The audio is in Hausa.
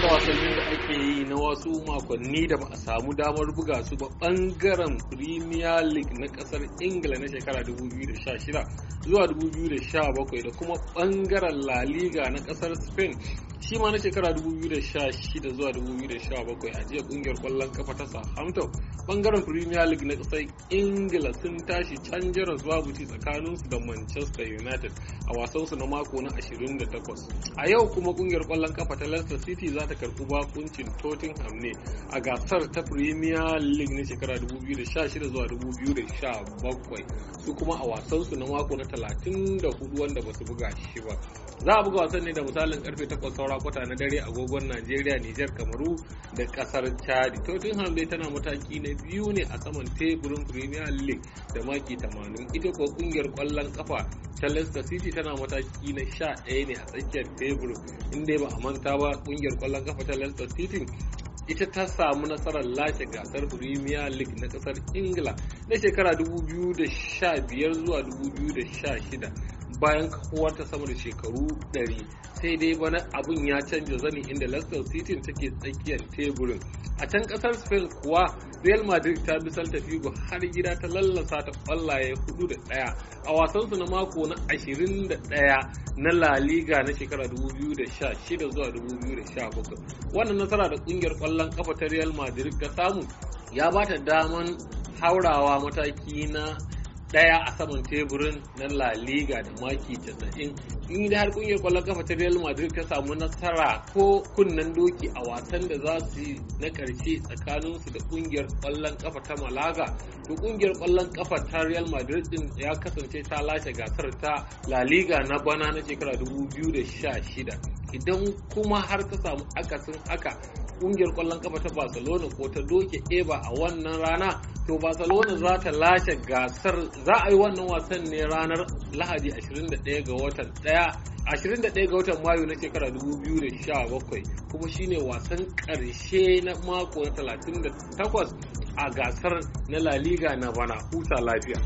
ragowar wasannin da ake yi na wasu makonni da ba a samu damar buga su ba bangaren premier league na kasar ingila na shekara 2016 zuwa 2017 da kuma bangaren la liga na kasar spain shi ma na shekara 2016 zuwa 2017 a jiya kungiyar kwallon kafa ta Southampton bangaren Premier League na kasar Ingila sun tashi can zuwa buci tsakanin su da Manchester United a wasansu na mako na 28. A yau kuma kungiyar kwallon kafa ta Leicester City za ta karbi bakuncin Tottenham ne a gasar ta Premier League na shekara 2016 zuwa 2017 su kuma a wasansu na mako na 34 wanda ba su buga shi ba. za a buga wasan ne da misalin karfe 8 saura kwata na dare agogon najeriya nijar kamaru da kasar chadi tottenham dai tana mataki na biyu ne a saman teburin premier league da maki 80 ita kuwa kungiyar kwallon kafa ta leicester city tana mataki na 11 ne a tsakiyar tebur inda ba a manta ba kungiyar kwallon kafa ta leicester city ita ta samu nasarar lashe gasar premier league na kasar ingila na shekara 2015 zuwa 2016 bayan kafuwar ta sama da shekaru 100 sai dai bana abun ya canja zani inda Leicester City take tsakiyar teburin a can kasar Spain kuwa Real Madrid ta bi Celta Vigo har gida ta lallasa ta kwallaye 4 da 1 a wasansu na mako na 21 na La Liga na shekara 2016 zuwa 2017 wannan nasara da kungiyar kwallon kafa ta Real Madrid ta samu ya ba ta daman haurawa mataki na daya a saman teburin na La Liga da maki 90. In da har kungiyar kwallon kafa ta Real Madrid ta samu nasara ko kunnen doki a wasan da za su yi na karshe tsakanin su da kungiyar kwallon kafa ta Malaga, to kungiyar kwallon kafa ta Real Madrid din ya kasance ta lashe gasar ta La Liga na bana na shekara 2016. Idan kuma har ta samu akasin haka kungiyar kwallon kafa ta barcelona ko ta doke eba a wannan rana to barcelona za ta lashe gasar za a yi wannan wasan ne ranar lahadi 21 ga watan 1 21 ga watan mayu na shekara 2017 kuma shine wasan karshe na mako na 38 a gasar na la liga na bana huta lafiya